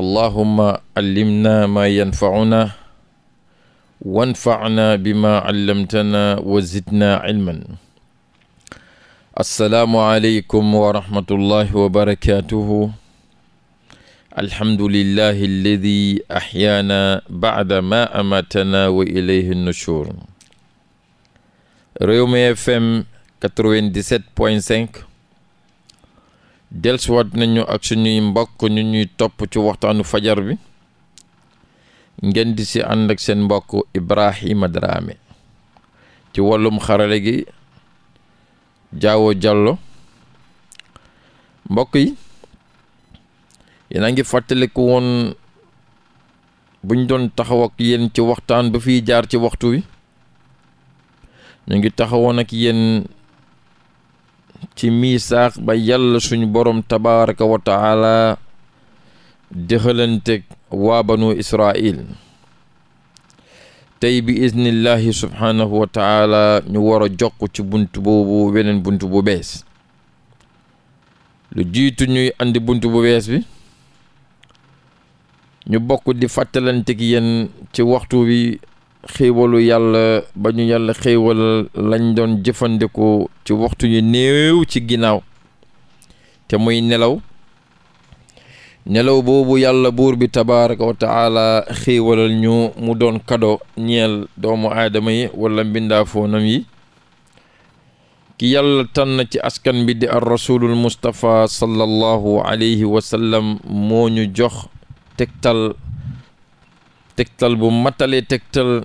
allahuma allimna maa yanfauna wanfana bima allamtana wa zidna ilman assalaamu aleykum wa rahmatullahi wa barakatuhu alhamdulillahi alladi ahyaana baada ma amatana wa ilayhi nushur Rewmi FM 97.5 dellusiwaat nañu ak suñuy mbokk ñu ñuy topp ci waxtaanu fajar bi ngeen di si ànd ak seen mbokk Ibrahima Dramé ci wàllum xarale gi jaawo jàllo mbokk yi yéen a ngi fàttaliku woon buñ doon taxaw ak yéen ci waxtaan ba fiy jaar ci waxtu wi ñu ngi taxawoon ak yéen. ci miisaax ba yàlla suñu borom tabaraka wa taala dëxalanteeg waa banu israil tey bi iznillahi subhaanahu wa taala ñu war a jokk ci bunt boobu weneen bunt bu bees lu jiitu ñuy andi bunt bu bees bi ñu bokk di fàttalanteeg yéen ci waxtu wi xéewalu yàlla ba ñu yàlla lañ doon jëfandikoo ci waxtu yu ci ginnaaw te muy nelaw nelaw boobu yàlla buur bi tabaraka wa taala xéewalal ñu mu doon kado ñeel doomu aadama yi wala mbindaafoonam yi ki yàlla tànn ci askan bi di ar rasulul mustapha sallallahu alayhi wa moo ñu jox tegtal tegtal bu matale tegtal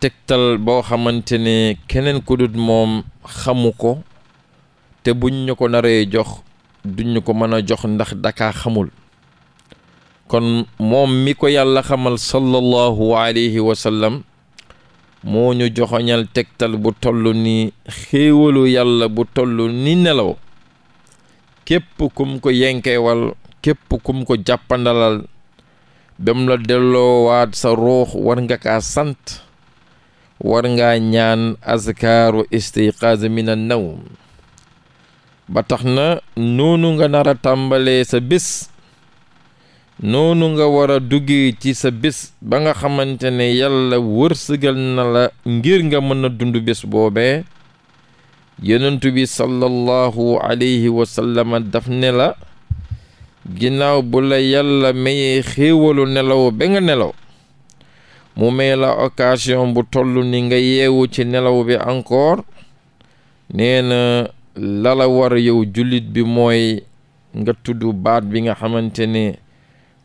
tegtal boo xamante ne keneen ku moom xamu ko te buñ ñu ko naree jox duñ ñu ko mën a jox ndax dakaa xamul kon moom mi ko yàlla xamal sallallahu alayhi wa sallam moo ñu joxoñal tegtal bu toll ni xéewalu yàlla bu toll ni nelaw képp kum ko yenkeewal képp kum ko jàppandalal bam la waat sa ruux war nga kaa sant war ngaa ñaan azkaaru istiqaaz min an nawm ba tax na noonu nga nar tàmbalee sa bis noonu nga war a duggee ci sa bés ba nga xamante ne yàlla wërsëgal na la ngir nga mën a dund bis boobee yonentu alayhi wa sallam daf ne la ginnaaw bu la yàlla mayee xéewalu nelaw ba nga nelaw mu may la occasion bu toll ni nga yeewu ci nelaw bi encore nee na la la war yow jullit bi mooy nga tudd baat bi nga xamante ne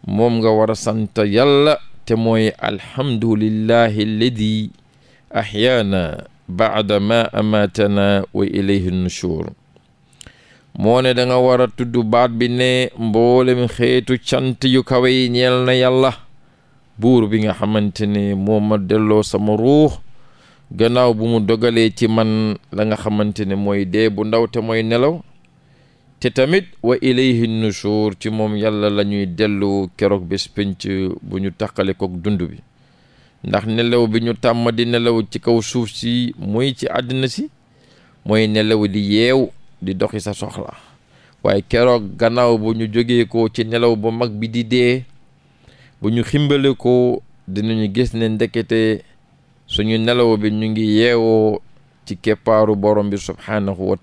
moom nga war a sant yàlla te mooy alhamdulillahi alladi ahyaana baada ma amaatana wa ilayhi nushur moo ne da nga war a tudd baat bi ne mboolem xeetu cant yu kawe yi ñeel na yàlla buur bi nga xamante ne moo ma delloo sama ruux gannaaw bu mu dogalee ci man la nga xamante ne mooy dee bu ndaw te mooy nelaw te tamit wa ilayhi nushur ci moom yàlla lañuy delloo keroog bés pénc bu ñu taqale koog dund bi ndax nelaw bi ñu tàmm di nelaw ci kaw suuf si muy ci àddina si mooy nelaw di yeew di doxi sa soxla waaye keroog gannaaw bu ñu jógee ko ci nelaw bu mag bi di dee bu ñu ximbale ko dinañu gis ne ndekete suñu nelaw bi ñu ngi yeewoo ci keppaaru borom bi subhaanahu wa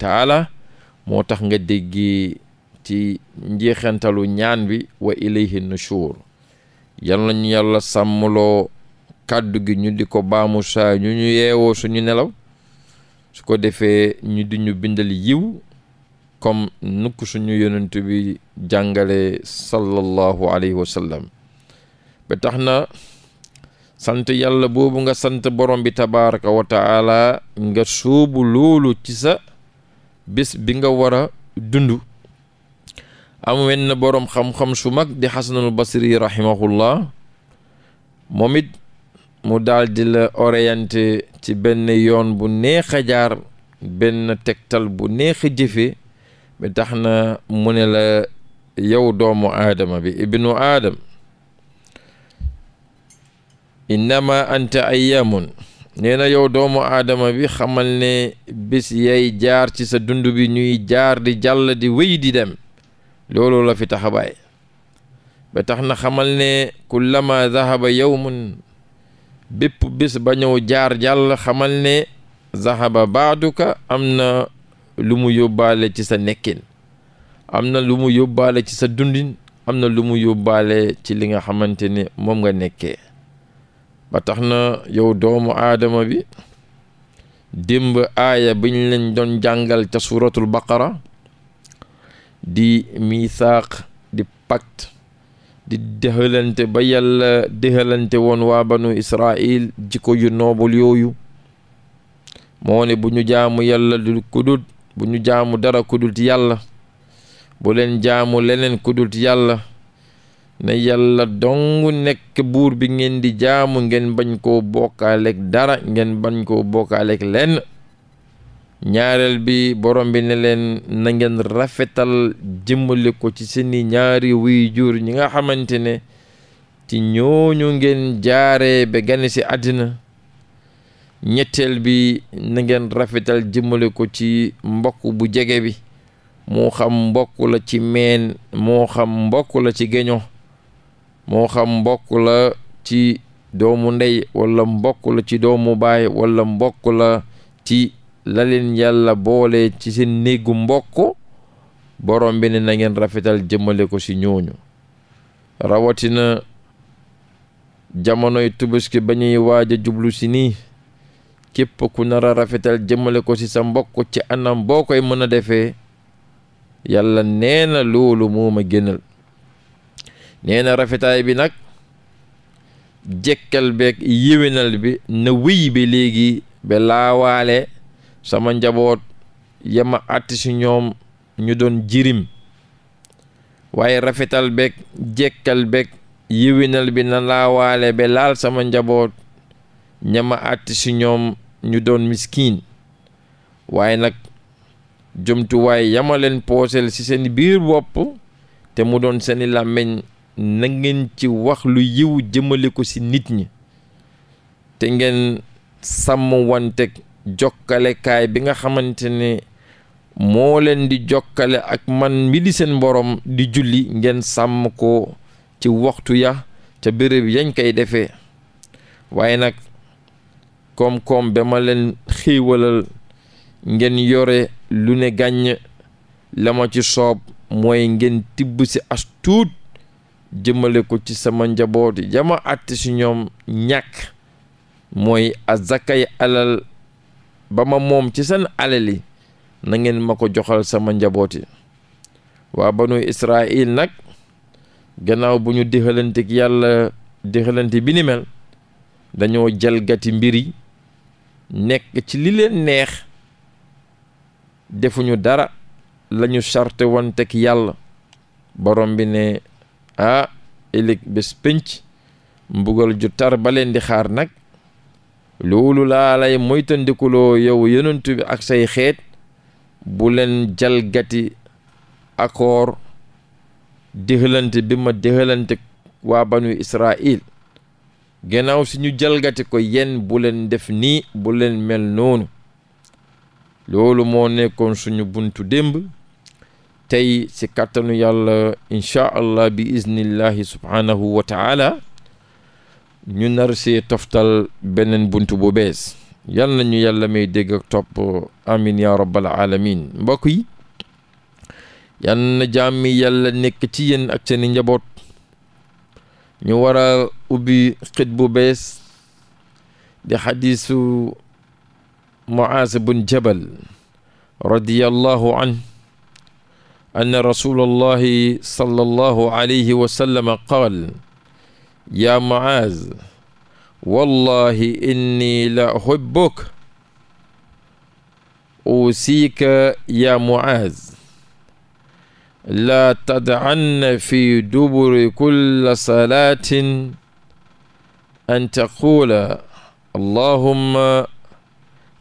moo tax nga déggi ci njeexantalu ñaan bi wa ilayhi suur yal nañu yàlla sàmmloo kàddu gi ñu di ko baamu saa ñu ñu yeewoo suñu nelaw su ko defee ñu di bindal yiw comme nukk suñu yonent bi jàngale sallallahu alayhi wa ba tax na sant yàlla boobu nga sant borom bi tabaraka wa taala nga suubu loolu ci sa bés bi nga war a dund am wenn boroom xam-xam su mag di xasanul basri rahimahullah moom it mu daal di la orienté ci benn yoon bu neex jaar benn tegtal bu neex a bi tax na mu ne la yow doomu aadama bi ibnu aadam innama anta ayyamun nee na yow doomu aadama bi xamal ne bis yay jaar ci sa dund bi ñuy jaar di jàll di wéy di dem loolu la fi taxabaay ba tax na xamal ne kullama zahaba yawmun bépp bis ba ñëw jaar jàll xamal ne zahaba baaduka am na lu mu yóbbaale ci sa nekkin am na lu mu yóbbaale ci sa dundin am na lu mu yóbbaale ci li nga xamante ne moom nga nekkee ba tax na yow doomu aadama bi démb aaya bi ñu leen doon jàngal ca suuratul baqara di miisaaq di pacte di dëxalante ba yàlla dëxalante woon waa banu israil jikko yu noobul yooyu moo ne bu ñu jaamu yàlla du kudut bu ñu jaamu dara ku dul yàlla bu leen jaamu leneen ku dul yàlla ne yàlla dong nekk buur bi ngeen di jaamu ngeen bañ koo bokkaaleeg dara ngeen bañ koo bokkaaleeg lenn ñaareel bi borom bi ne leen na ngeen rafetal jëmmale ko ci seeni ñaari wuy jur ñi nga xamante ne ci ñooñu ngeen jaaree ba gane si àddina ñetteel bi nangeen ngeen rafetal jëmale ko ci mbokk bu jege bi moo xam mbokk la ci meen moo xam mbokk la ci geño moo xam mbokk la ci doomu ndey walla mbokk la ci doomu baay walla mbokk la ci la yàlla boole ci seen néegu mbokk borom bi ne na ngeen rafetal jëmale ko ci ñooñu rawatina jamonoy tubaski ba ñuy waaj a jublu si nii képp ku nar a rafetal jëmmale ko ci sa mbokk ci anam boo koy mën a defee yàlla nee loolu moo ma génnal nee rafetaay bi nag jekkal beeg yéwénal bi na wéy bi léegi ba laawaale sama njaboot yama àtti si ñoom ñu doon jirim waaye rafetal beeg jekkal beeg yéwénal bi na laawaale ba laal sama njaboot ñama àtt si ñoom ñu doon miskiin waaye nag jomtuwaay yamaleen leen poosel ci seen biir wopp te mu doon seeni làmmiñ na ngeen ci wax lu yiw jëmale ko ci nit ñi te ngeen sàmm wante jokkalekaay bi nga xamante ne moo leen di jokkale ak man mi di seen borom di julli ngeen sàmm ko ci waxtu ya ca béréb yañ koy defee waaye nag koom-koom ba ma leen xiiwalal ngeen yore lu ne gàññ la ma ci soob mooy ngeen tibb si as tuut jëmale ko ci sama njabooti jama àtt si ñoom ñàkk mooy azakay alal ba ma moom ci seen alali na ngeen ma ko joxal sama njabooti waa banu Israil nag gannaaw bu ñu dixalantik yàlla dixalante bi ni mel dañoo jalgati mbir yi nekk ci li leen neex defuñu dara lañu sarte wante yàlla borom bi ne ah ëllëg bés pénc mbugal ju tar ba leen di xaar nag loolu laa moytandikuloo yow yonentu bi ak say xeet bu leen jalgati accord déxalante bi ma déxalante waa banu Israil gannaaw si ñu jalgati ko yenn bu leen def nii bu mel noonu loolu moo nekkoon suñu buntu démb tey si kàttanu yàlla incha allah bi iznillahi subhaanahu wa taala ñu nar si toftal beneen buntu bu bees yal na ñu yàlla may dégg ak topp amin ya rabbal alamin mbokk yi yal na jàmmi nekk ci yéen ak seeni njaboot ñu war ubbi xët bu bees di xadiisu muaas bun jabal radiyallahu an anna rasulallahi sallallahu alayhi wa sallam qaal yaa muaaz wallahi inni la uhibbuk usiika yaa muaaz laa tad'anna fi duburi kulla salaatin an taqula allahumma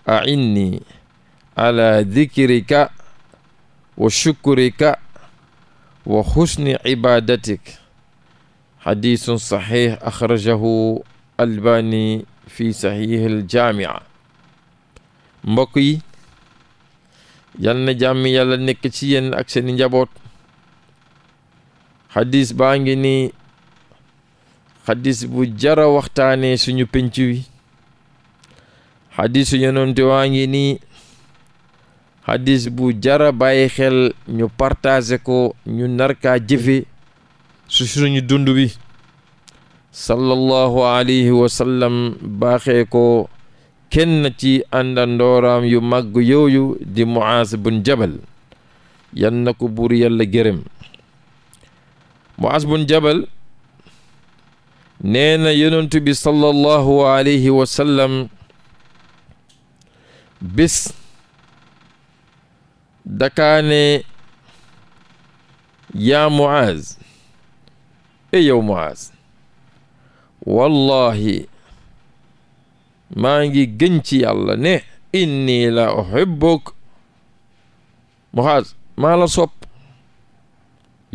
ainni ala dikrika wa shukrika wa xusni ibadatik xadisun saxiix axrajahu albani fi saxiix aljaamia mbokk yi yal na jàmm yàlla nekk ci yéen ak seeni njaboot xadis baa ngi ni xadis bu jara waxtaanee suñu penc wi xadisu yonente waa ngi nii xadis bu jara bàyyi xel ñu partager ko ñu narkaa jëfe su suñu dund wi sallallahu alayhi wa sallam baaxee ko kenn ci àndandooraam yu màgg yooyu di Muaas bun Jabal yan na ko buur yàlla gërëm nee na yonent bi sallallahu alayhi wa sallam bis dakaane yaa Muaz e yow Muaz wallahi maa ngi gën ci yàlla ne inni la uhibbuk Muaz maa la sopp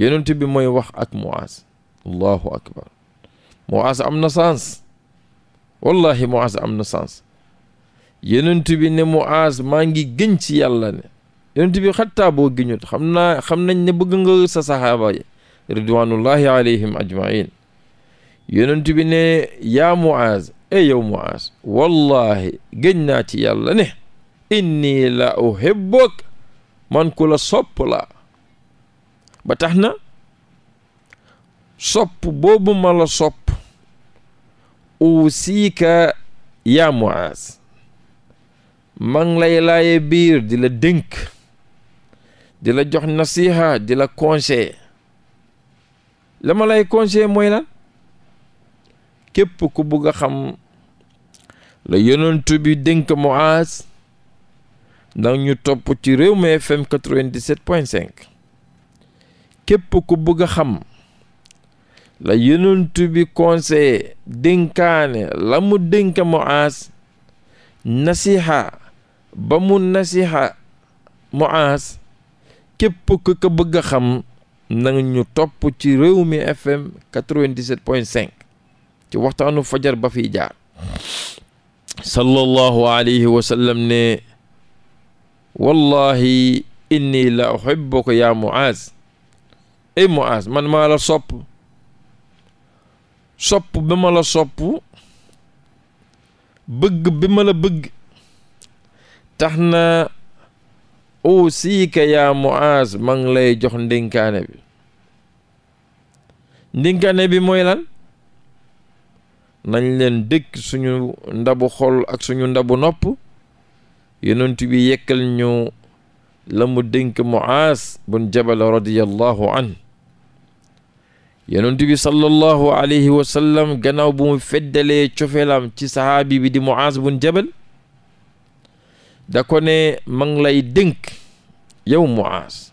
yonent bi moy wax ak Muaz allahu akbar Muaaz am na sens wallahi Muaaz am na sens yonent bi ne Muaaz maa ngi gëñ ci yàlla ne yonent bi xattaa boo gëñut xam naa xam nañ ne bëgg nga sa saxaaba yi ridwanullahi alayhim ajmain yonent bi ne yaa Muaaz e yow Muaaz wallahi gëñ naa ci yàlla ne inni la uhibbuk man ku la sopp la ba tax na sopp boobu ma la sopp usiika yaa Muaaz maa ngi lay laaye biir di la dénk di la jox nasiha di la conseil la ma lay conseil mooy lan képp ku bugg a xam la yonentu bi dénk Muaaz ndax ñu topp ci Rewmi FM 97.5 képp ku bëgg a xam la yonent bi conseillé dénkaane la mu dénka Muaas nasiha ba mu nasiha Muaas képp ku bëgg xam nanga ñu topp ci réew mi FM 97.5 ci waxtaanu fajar ba fi jaar sallallahu alayhi wa sallam ne wallahi inni la uhibbuka ya Muaas ay Muaas man maa la sopp sopp bi ma la sopp bëgg bi ma bëgg tax na usiika yaa Muaaz ma lay jox ndénkaane bi ndénkaane bi mooy lan nañ leen dëkk suñu ndabu xol ak suñu ndabu nopp yonent bi yekkal ñu la mu dénk Muaaz bun Jabal radiyallahu anhu yonent bi sallallahu alayhi wa sallam gannaaw bu mu feddalee cofeelam ci sahaabi bi di Muaaz bun Jabal da ko ne ma ngi lay dénk yow Muaaz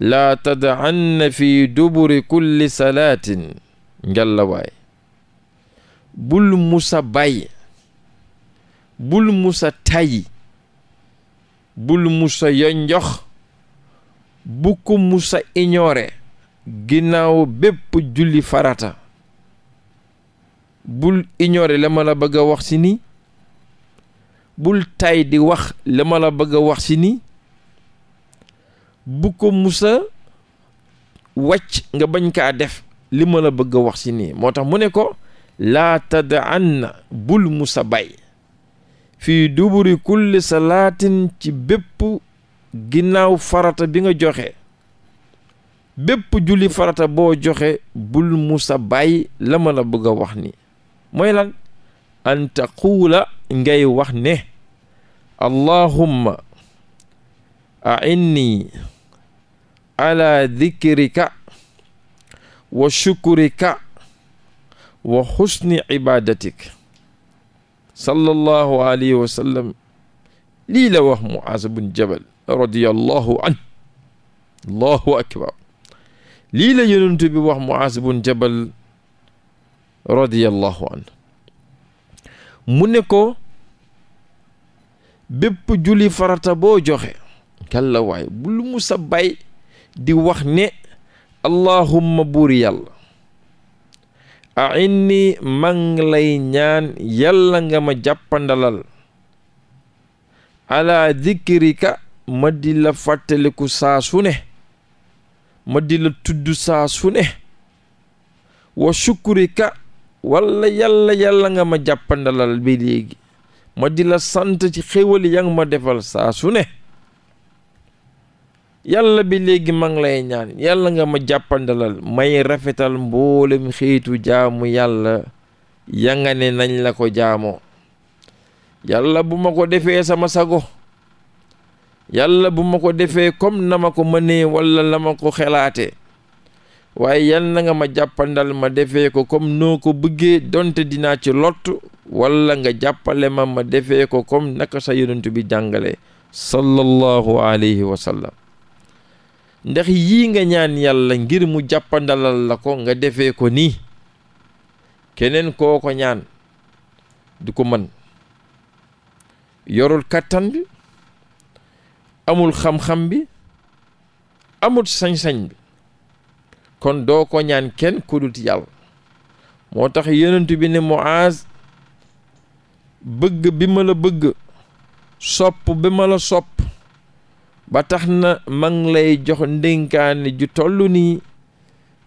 laa tad'anna fi duburi kulli salaatin ngalla waay bul musa bàyyi bul musa tayyi bul musa yonjox bu ko musa ignorer ginnaaw bépp julli farata bul ignorer la ma la bëgg wax si ni bul tay di wax la ma la bëgg a wax si ni bu ko musa wacc nga bañ kaa def li ma la bëgg wax si nii moo tax mu ne ko laa tadaan bul musa bay fii duburi kulli salaatin ci bépp ginnaaw farata bi nga joxe bépp julli farata boo joxe bul musa bàyyi la ma la bëgg a wax ni mooy lan an taquula ngay wax ne allahumma ainni ala dikrika wa shukurika wa xusni ibadatik sallallahu alayhi wa sallam lii la wax muaaz bun jabal radiyallahu an allahu akbar lii la bi wax Muaas bun Jabal radiyallahu anhu mu ne ko bépp julli farata boo joxe kalla waay bu lu mu bay di wax ne allahumma buur yàlla ainni maa ngi ñaan yàlla nga ma jàppandalal ala dikrika ma di la fàttaliku saa su ne ma di tudd saa su ne wa shukurika walla yàlla yàlla nga ma jàppandalal ba léegi ma di la sant ci xéwal yanga ma defal saa su ne yàlla bi léegi ma ngi ñaan yàlla nga ma jàppandalal may rafetal mboolem xeetu jaamu yàlla ya nga nañ la ko jaamoo yàlla bu ma ko defee sama sago yàlla bu ma ko defee comme na ma ko mënee walla la ma ko xelaate waaye yal na nga ma jàppandal ma defee ko comme noo ko bëggee donte dinaa ci lott walla nga jàppale ma ma defee ko comme naka sa yonent bi jàngale sallallahu alayhi wa sallam ndax yii nga ñaan yàlla ngir mu jàppandalal la ko nga defee ko nii keneen kooko ñaan du ko mën yorul kàttan amul xam-xam bi amul sañ-sañ bi kon doo ko ñaan kenn ku dul yàlla moo tax yonent bi ne Muaaz bëgg bi ma la bëgg sopp bi ma la sopp ba tax na ma lay jox ndénkaane ju toll nii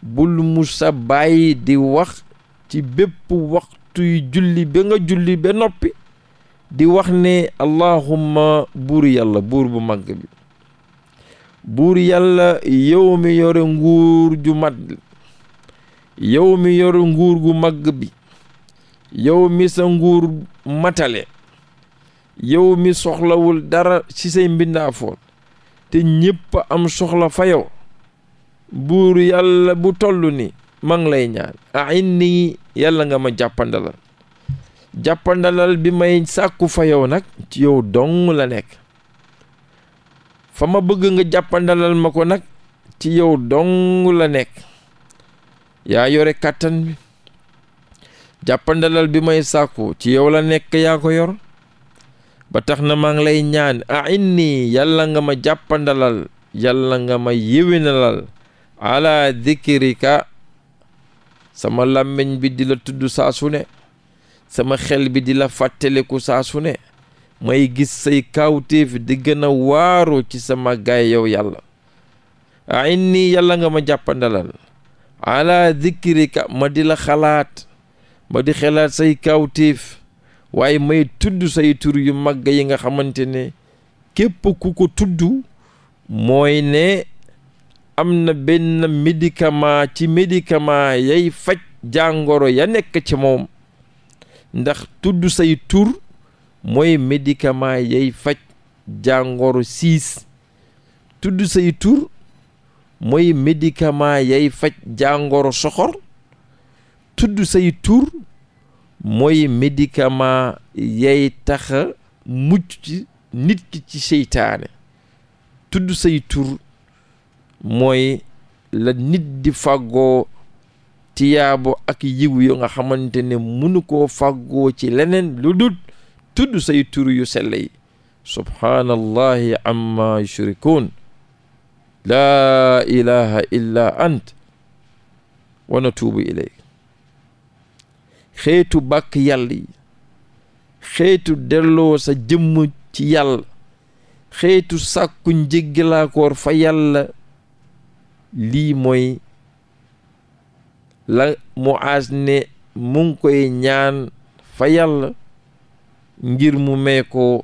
bul musa bàyyi di wax ci bépp waxtuy julli ba nga julli ba noppi di wax ne allahumma buur yàlla buur bu màgg bi buur yàlla yow mi yore nguur ju mat yow mi yore nguur gu màgg bi yow mi sa nguur matale yow mi soxlawul dara ci say mbindaafoon te ñépp am soxla fa yow buur yàlla bu toll ni ma lay ñaan a inni yàlla nga ma jàppandalal jàppandalal bi may sàkku fa yow nag ci yow dong la nekk fa ma bëgg nga jàppandalal ma ko nag ci yow dong la nekk yaa yore kàttan bi jàppandalal bi may sàkku ci yow la nekk yaa ko yor ba tax na maa ngi lay ñaan a inni yàlla nga ma jàppandalal yàlla nga ma yéwénalal ala dikirika sama làmmiñ bi di la tudd saa su sama xel bi di la fàttaliku saa su ne may gis say kawtéef di gën a waaru ci sa maggaay yow yàlla ainni yàlla nga ma jàppandalal ala dikrika ma di la xalaat ma di xalaat say kawtéef waaye may tudd say tur yu magg yi nga xamante ne képp ku ko tudd mooy ne am na benn médicament ci médicament yay faj jàngoro ya nekk ci moom ndax tudd say tur mooy médicament yay faj jàngoro siis tudd say tur mooy médicament yay faj jàngoro soxor tudd say tur mooy médicament yay tax mucc ci nit ki ci seytaane tudd say tur mooy la nit di fàggoo tiyaabo ak yiw yu nga xamante ne munu koo fàggoo ci leneen lu tudd say tur yu sell yi subhaanallahi amma yushrikuun laa ilaha illa ant wa natuubu ilayk xeetu bakk yàlla yi xeetu delloo sa jëmm ci yàlla xeetu sàkku njéggalaakoor fa yàlla lii mooy la Muaaz ne mu koy ñaan fa yàlla ngir mu may ko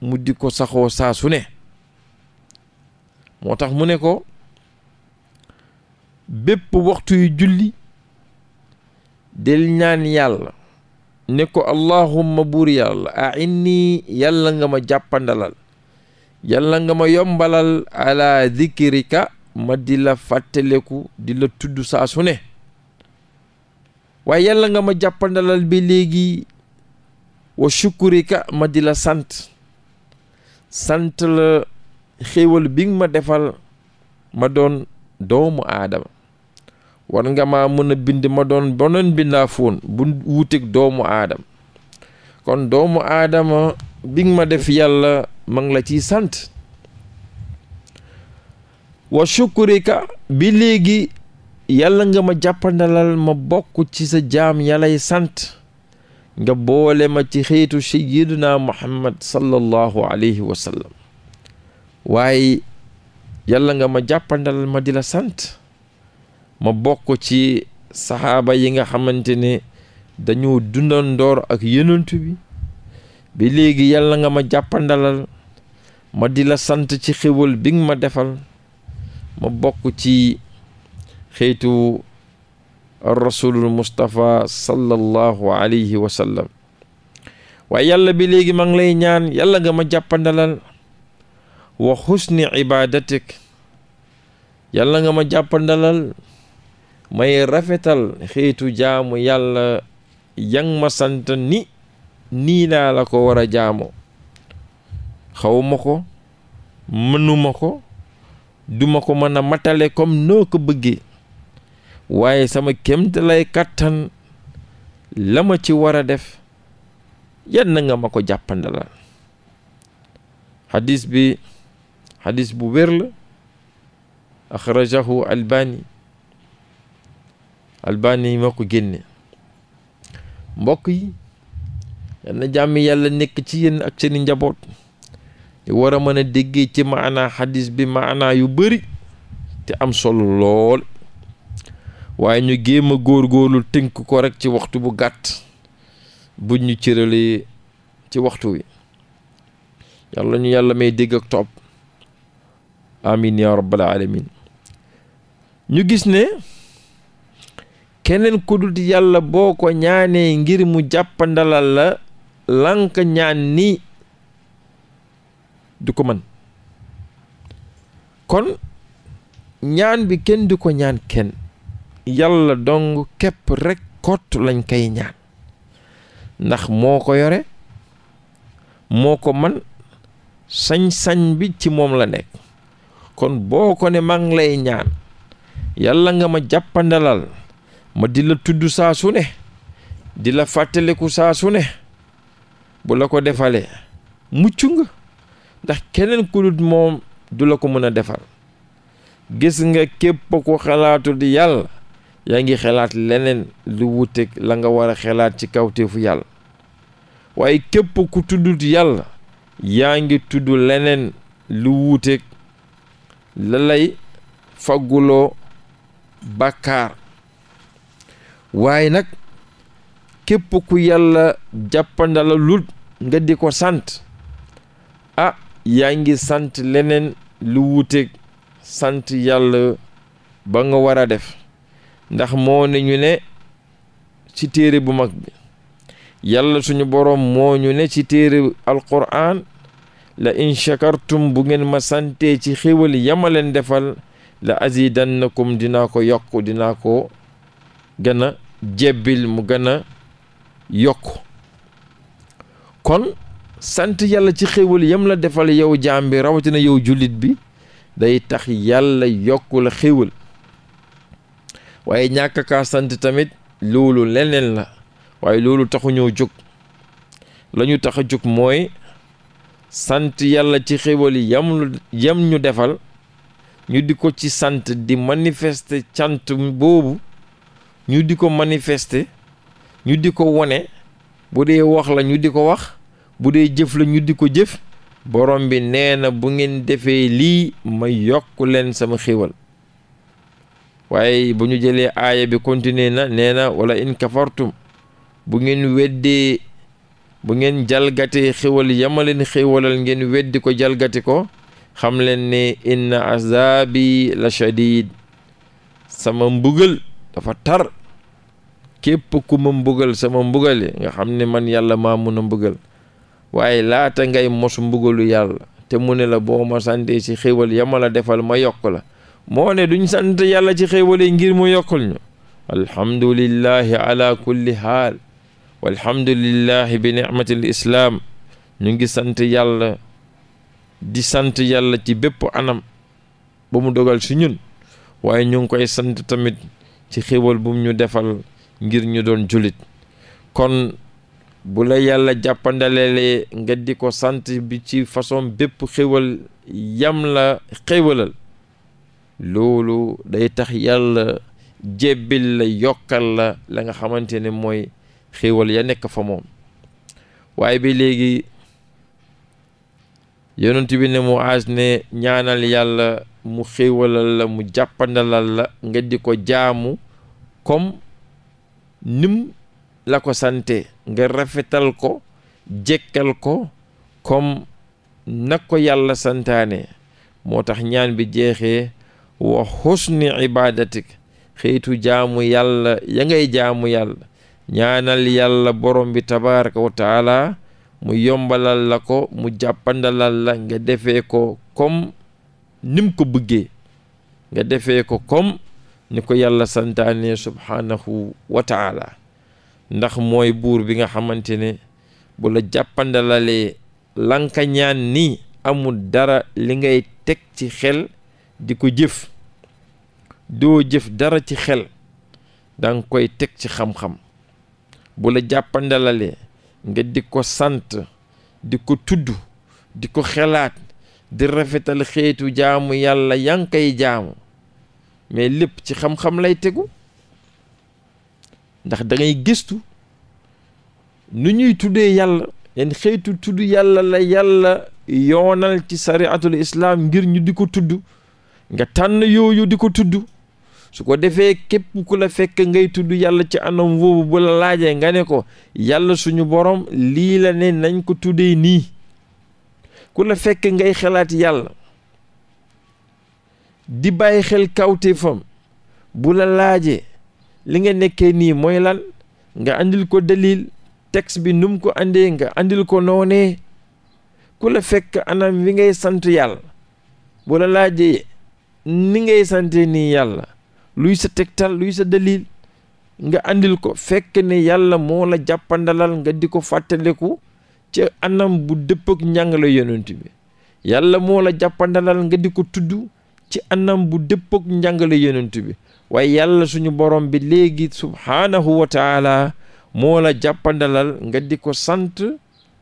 mu di ko saxoo saasu ne moo tax mu ne ko bépp waxtu yu julli del ñaan yàlla ne ko allahumma buur a inni yàlla nga ma jàppandalal yàlla nga ma yombalal ala zikrika ma di la fàttaleku di la tudd saa ne waa yàlla nga ma jàppandalal bi léegi wa ma dila sant sant la xéewal bi ma defal ma doon doomu aadama war nga ma mën a bind ma doon bonoon bindaa foon bu wuuteg doomu aadama kon doomu aadama bing ma def yàlla ma la ci sant wa shukurika bi yàlla nga ma jàppandalal ma bokk ci sa jaam yalay sant nga boole ma ci xeetu sayyiduna muhammad sallallahu alayhi wa sallam waaye yàlla nga ma jàppandalal ma di la sant ma bokk ci saxaaba yi nga xamante ni ne dañoo dundandoor ak yenantu bi bi léegi yàlla nga ma jàppandalal ma di la sant ci xéwal bi nga ma defal ma bokk ci xeetu rasulul mustapha sallallahu alayhi wa sallam waaye yàlla bi léegi ma lay ñaan yàlla nga ma jàppandalal wa xusni ibadatik yàlla nga ma jàppandalal may rafetal xeetu jaamu yàlla yang ma sant ni nii laa la ko war a jaamoo xawuma ko mënuma ko duma ko mën a matale comme noo ko bëggee waaye sama kémte lay kàttan lama ci war a def yan na nga ma ko jàppandalal xadis bi xadis bu wér la axrajahu albani albani ma ko génne mbokk yi yal na jàmm yàlla nekk ci yéen ak seeni njaboot te war a mën a déggee ci maanaa xadis bi maanaa yu bari te am solo lool waaye ñu géem a góorgóorlu tënk ko rekk ci waxtu bu gàtt bu ñu cëralee ci waxtu wi yàlla ñu yàlla may dégg ak topp amin ya rabbal alamin ñu gis ne keneen ku dul yàlla boo ko ñaanee ngir mu jàppandalal la lank ñaan ni du ko mën kon ñaan bi kenn du ko ñaan kenn yàlla dong képp rekk kott lañ koy ñaan ndax moo ko yore moo ko man sañ-sañ bi ci moom la nekk kon boo ko ne maa lay ñaan yàlla nga ma jàppandalal ma di la tudd saa su ne di la fàttaliku saa su ne bu la ko defalee mucc nga ndax keneen ku moom du la ko mën a defal gis nga képp ko xalaatu di yàlla yaa ngi xelaat leneen lu wuteeg la nga war a xelaat ci kawteefu yàlla waaye képp ku tuddut yàlla yaa ngi tudd leneen lu wuteeg la lay fagguloo bàkkaar waaye nag képp ku yàlla jàppandala lut nga di ko sant a ah, yaa ngi sant leneen lu wuteeg sant yàlla ba nga war a def ndax moo ne ñu ne ci téere bu mag bi yàlla suñu boroom moo ñu ne ci téere alquran la in shakartum bu ngeen ma sante ci xéwal yamaleen defal la azidannakum dinaa ko yokk dinaa ko gëna a jebbil mu gën a yokk kon sant yàlla ci xéwal yam la defal yow jaam bi rawatina yow jullit bi day tax yàlla yokk la xéwal waaye ñàkk kaa sant tamit loolu leneen la waaye loolu taxu ñoo jóg lañu tax a jóg mooy sant yàlla ci xéwal yi yam ñu defal ñu di ko ci sant di manifester cant boobu ñu di ko manifeste ñu di ko wone bu dee wax la ñu di ko wax bu dee jëf la ñu di ko jëf borom bi nee na bu ngeen defee lii ma yokk leen sama xéwal waaye bu ñu jëlee aaya bi continuer na nee na wala in kafartum bu ngeen weddee bu ngeen jalgatee xéwal yamaleen xéwalal ngeen weddi ko jalgati ko xam leen ne inna azabi la shadid sama mbugal dafa tar képp ku ma mbugal sama mbugale nga xam ne man yàlla maa mun mbugal waaye laata ngay mos mbugalu yàlla te mu ne la boo ma sante ci xéwal yamala defal ma yokk la moo ne sant yàlla ci xéewale ngir mu yokkul ñu alhamdulillahi ala kulli haal walhamdulillahi bi nicmatil islaam ñu ngi sant yàlla di sant yàlla ci bépp anam ba dogal si ñun waaye ñu ngi koy sant tamit ci xéewal bu ñu defal ngir ñu doon julit kon bu la yàlla jàppandalelee nga di ko sant bi ci façon bépp xéewal yam la xéewalal loolu day tax yàlla jébbil la yokkal la la nga xamante ne mooy xéewal ya nekk fa moom waaye bi léegi yonent bi ne Muaaz ne ñaanal yàlla mu xéewalal la mu jàppandalal la nga di ko jaamu kom nim la ko sante nga rafetal ko jëkkal ko kom nag ko yàlla santaane moo tax ñaan bi jeexee wa xusni ibadatik xëytu jaamu yàlla ya ngay jaamu yàlla ñaanal yàlla borom bi tabaraka mu yombalal la ko mu jàppandalal la nga defee ko comme nim ko bëggee nga defee ko comme ni ko yàlla santaane subhaanahu wa taala ndax mooy buur bi nga xamante ne bu la jàppandalalee lanka ñaan ni amul dara li ngay teg ci xel di ko jëf doo jëf dara ci xel danga koy teg ci xam-xam bu la jàppandalale nga di ko sant di ko tudd di ko xelaat di rafetal xeetu jaamu yàlla yaa koy jaamu mais lépp ci xam-xam lay tegu ndax dangay ngay gëstu nu ñuy tuddee yàlla yan xeetu tudd yàlla la yàlla yoonal ci sariatul islaam ngir ñu di ko tudd nga tànn yooyu di ko tudd su ko defee képp ku la fekk ngay tudd yàlla ci anam woobu bu la nga ne ko yàlla suñu borom lii la ne nañ ko tuddee nii ku la fekk ngay xalaat yàlla di bàyyi xel kawteefam bu la laajee li nga nekkee nii mooy lan nga andil ko dalil texte bi num ko andee nga andil ko noonee ku la fekk anam wi ngay sant yàlla bu ni ngay sante nii yàlla luy sa tegtal luy sa dalil nga andil ko fekk ne yàlla moola la jàppandalal nga di ko fàttaliku ci anam bu dëpp ak njàngale yonent bi yàlla moola la jàppandalal nga di ko tudd ci anam bu dëpp ak njàngale bi waaye yàlla suñu borom bi léegi subhaanahu wa taala moo jàppandalal nga di ko sant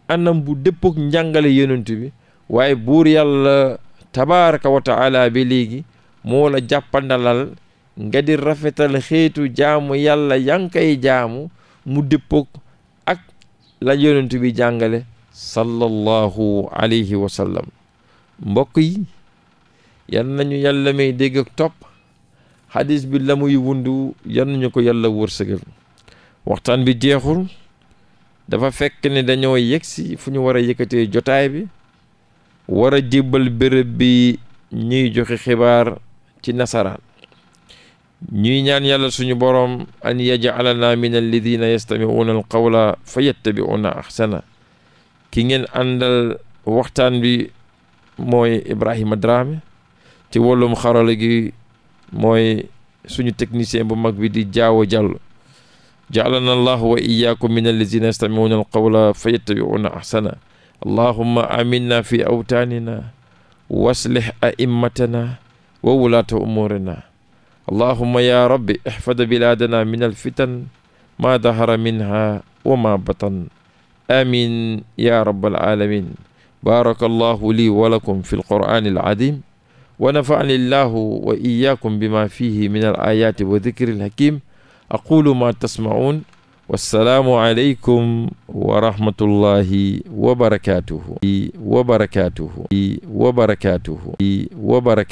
anam bu dëpp ak njàngale bi waaye buur yàlla tabaraka wa taala bi léegi moo la jàppandalal nga di rafetal xeetu jaamu yàlla yaa ngi jaamu mu dëppoog ak la yonent bi jàngale sallallahu alayhi wa mbokk yi yan nañu yàlla may dégg ak topp xadis bi la muy wundu yan nañu ko yàlla wërsëgal waxtaan bi jeexul dafa fekk ne dañoo yegsi fu ñu war a yëkkatee jotaay bi war a jébbal bërëb bi ñuy joxe xibaar ci nasaraan ñuy ñaan yàlla suñu boroom an yajalana min alladina yastamiuuna alqawla fa yattabiuuna ahsana ki ngeen àndal waxtaan bi mooy Ibrahima Dramé ci wàllum xarala gi mooy suñu technicien bu mag bi di jaawo jàll jaalana allahu wa iyaakum min allazina yastamiuuna alqawla fa yattabiuuna ahsana allahumma aminna fi awtaanina waslih a'immatana wa wulaata umuurina allahuma ya rabbi ixfad bilaadana min alfitan maa dahara minha wa ma batan amin ya rabbal alamin baraka allahu lii wa lakum fi alqur'ani alazim wa nafa'ani allahu wa iyaakum bima fihi min alayaati wa dikri alhakim aqulu ma tasma'un wassalaamu aleykum wa rahmatullahi wa barakatuhu wa barakatuhu wa barakatuhu wa barakatuhu